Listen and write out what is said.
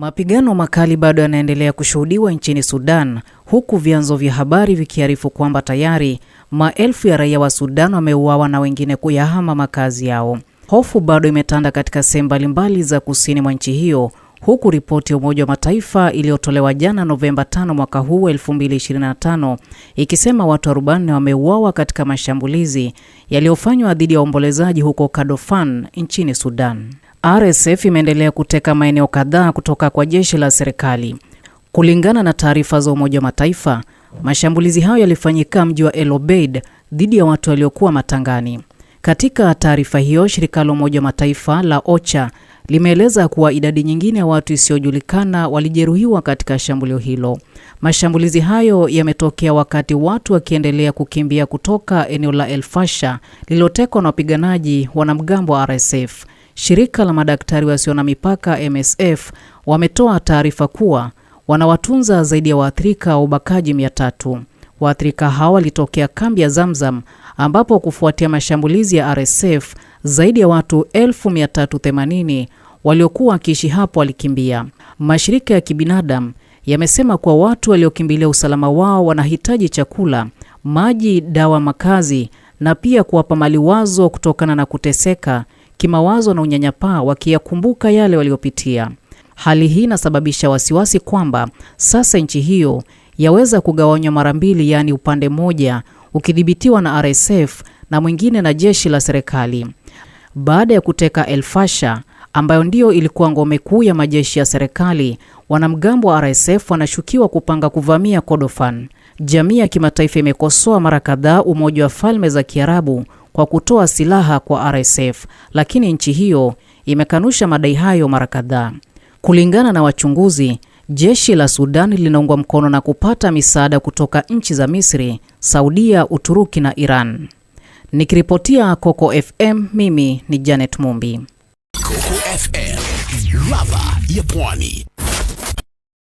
Mapigano makali bado yanaendelea kushuhudiwa nchini Sudan huku vyanzo vya habari vikiarifu kwamba tayari maelfu ya raia wa Sudan wameuawa na wengine kuyahama makazi yao. Hofu bado imetanda katika sehemu mbalimbali za kusini mwa nchi hiyo huku ripoti ya Umoja wa Mataifa iliyotolewa jana Novemba 5 mwaka huu 2025 ikisema watu 40 wameuawa katika mashambulizi yaliyofanywa dhidi ya waombolezaji huko Kordofan nchini Sudan. RSF imeendelea kuteka maeneo kadhaa kutoka kwa jeshi la serikali. Kulingana na taarifa za Umoja wa Mataifa, mashambulizi hayo yalifanyika mji wa El Obeid dhidi ya watu waliokuwa matangani. Katika taarifa hiyo, shirika la Umoja wa Mataifa la OCHA limeeleza kuwa idadi nyingine ya watu isiyojulikana walijeruhiwa katika shambulio hilo. Mashambulizi hayo yametokea wakati watu wakiendelea kukimbia kutoka eneo la El lililotekwa na wapiganaji wanamgambo wa RSF. Shirika la madaktari wasio na mipaka MSF wametoa taarifa kuwa wanawatunza zaidi ya waathirika wa ubakaji mia tatu. Waathirika hao walitokea kambi ya Zamzam ambapo kufuatia mashambulizi ya RSF zaidi ya watu 1380 waliokuwa wakiishi hapo walikimbia. Mashirika ya kibinadamu yamesema kuwa watu waliokimbilia usalama wao wanahitaji chakula, maji, dawa, makazi na pia kuwapa maliwazo kutokana na kuteseka kimawazo na unyanyapaa wakiyakumbuka yale waliopitia. Hali hii inasababisha wasiwasi kwamba sasa nchi hiyo yaweza kugawanywa mara mbili, yaani upande mmoja ukidhibitiwa na RSF na mwingine na jeshi la serikali. Baada ya kuteka El ambayo ndiyo ilikuwa ngome kuu ya majeshi ya serikali, wanamgambo wa RSF wanashukiwa kupanga kuvamia Kordofan. Jamii ya kimataifa imekosoa mara kadhaa Umoja wa Falme za Kiarabu kwa kutoa silaha kwa RSF, lakini nchi hiyo imekanusha madai hayo mara kadhaa. Kulingana na wachunguzi, jeshi la Sudan linaungwa mkono na kupata misaada kutoka nchi za Misri, Saudia, Uturuki na Iran. Nikiripotia Coco FM, mimi ni Janet Mumbi, Coco FM, ladha ya Pwani.